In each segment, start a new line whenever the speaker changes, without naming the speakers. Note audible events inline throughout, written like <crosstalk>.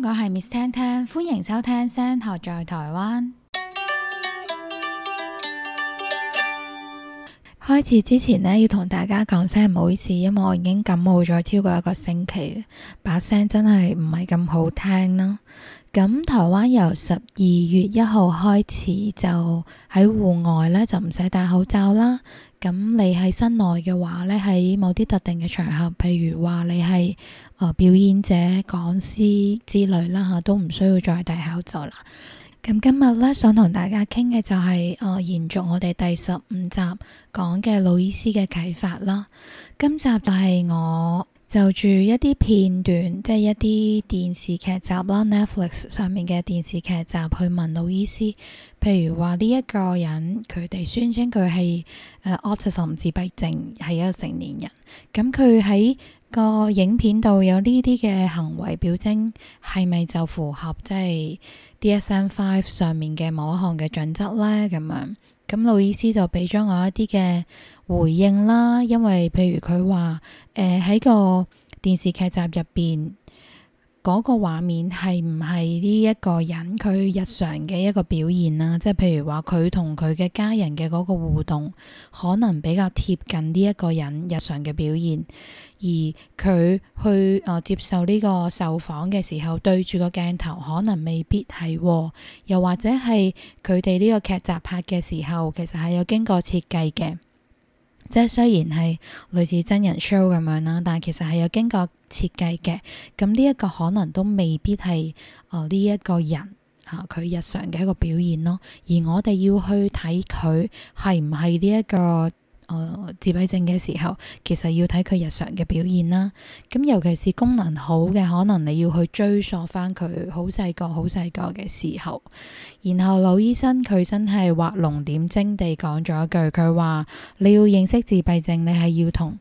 我係 Miss 婷婷，歡迎收聽《聲學在台灣》。開始之前呢，要同大家講聲唔好意思，因為我已經感冒咗超過一個星期，把聲真係唔係咁好聽啦。咁台灣由十二月一號開始就喺戶外呢，就唔使戴口罩啦。咁你喺室內嘅話呢，喺某啲特定嘅場合，譬如話你係表演者、講師之類啦吓，都唔需要再戴口罩啦。咁今日咧想同大家傾嘅就係誒延續我哋第十五集講嘅老醫師嘅啟發啦，今集就係我就住一啲片段，即係一啲電視劇集啦，Netflix 上面嘅電視劇集去問老醫師，譬如話呢一個人佢哋宣稱佢係誒 Autism 自閉症，係一個成年人，咁佢喺個影片度有呢啲嘅行為表徵，係咪就符合即係、就是、DSM Five 上面嘅某一項嘅準則咧？咁樣咁路易斯就俾咗我一啲嘅回應啦。因為譬如佢話誒喺個電視劇集入邊。嗰個畫面係唔係呢一個人佢日常嘅一個表現啦？即係譬如話佢同佢嘅家人嘅嗰個互動，可能比較貼近呢一個人日常嘅表現。而佢去誒接受呢個受訪嘅時候，對住個鏡頭可能未必係喎，又或者係佢哋呢個劇集拍嘅時候，其實係有經過設計嘅。即係雖然係類似真人 show 咁樣啦，但係其實係有經過設計嘅。咁呢一個可能都未必係哦，呢一個人啊，佢日常嘅一個表現咯。而我哋要去睇佢係唔係呢一個自閉症嘅時候，其實要睇佢日常嘅表現啦。咁尤其是功能好嘅，可能你要去追溯返佢好細個、好細個嘅時候。然後老醫生佢真係畫龍點睛地講咗一句，佢話：你要認識自閉症，你係要同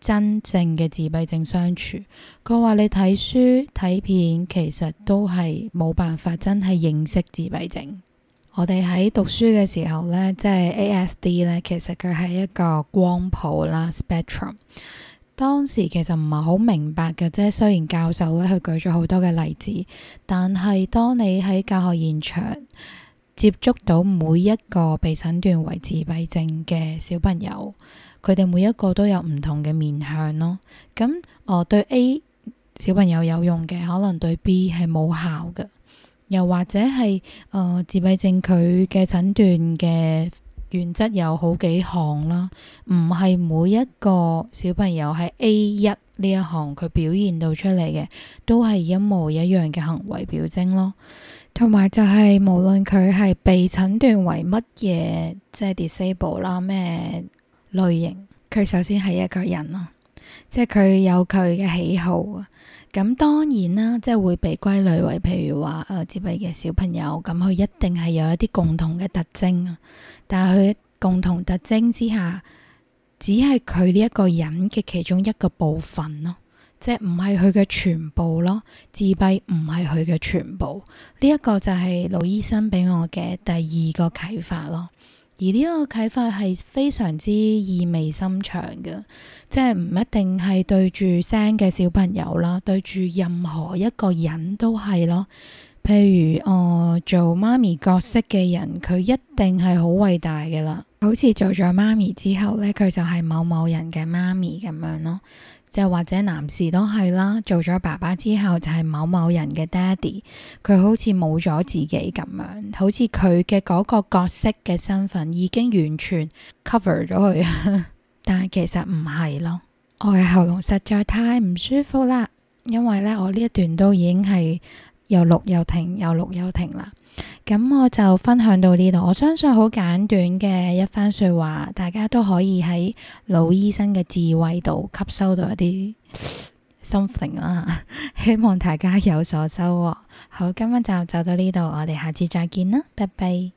真正嘅自閉症相處。佢話你睇書睇片，其實都係冇辦法真係認識自閉症。我哋喺讀書嘅時候呢，即係 A S D 呢，其實佢係一個光譜啦 （spectrum）。當時其實唔係好明白嘅啫，雖然教授呢，佢舉咗好多嘅例子，但係當你喺教學現場接觸到每一個被診斷為自閉症嘅小朋友，佢哋每一個都有唔同嘅面向咯。咁、嗯、我對 A 小朋友有用嘅，可能對 B 係冇效嘅。又或者係誒、呃、自閉症佢嘅診斷嘅原則有好幾項啦，唔係每一個小朋友喺 A 一呢一項佢表現到出嚟嘅都係一模一樣嘅行為表徵咯。同埋就係、是、無論佢係被診斷為乜嘢，即、就、係、是、disable 啦咩類型，佢首先係一個人咯。即係佢有佢嘅喜好啊，咁當然啦，即係會被歸類為譬如話誒自閉嘅小朋友，咁佢一定係有一啲共同嘅特徵啊，但係佢嘅共同特徵之下，只係佢呢一個人嘅其中一個部分咯，即係唔係佢嘅全部咯，自閉唔係佢嘅全部，呢一、這個就係老醫生俾我嘅第二個啟發咯。而呢一個啟發係非常之意味深長嘅，即係唔一定係對住聲嘅小朋友啦，對住任何一個人都係咯。譬如我、哦、做媽咪角色嘅人，佢一定係好偉大嘅啦。好似做咗媽咪之後呢，佢就係某某人嘅媽咪咁樣咯，就或者男士都係啦，做咗爸爸之後就係某某人嘅爹哋，佢好似冇咗自己咁樣，好似佢嘅嗰個角色嘅身份已經完全 cover 咗佢啊。 <laughs> 但係其實唔係咯，我嘅喉嚨實在太唔舒服啦，因為呢，我呢一段都已經係。又錄又停，又錄又停啦。咁我就分享到呢度。我相信好簡短嘅一番說話，大家都可以喺老醫生嘅智慧度吸收到一啲 something 啦。 <laughs> 希望大家有所收穫。好，今晚就走到呢度，我哋下次再見啦，拜拜。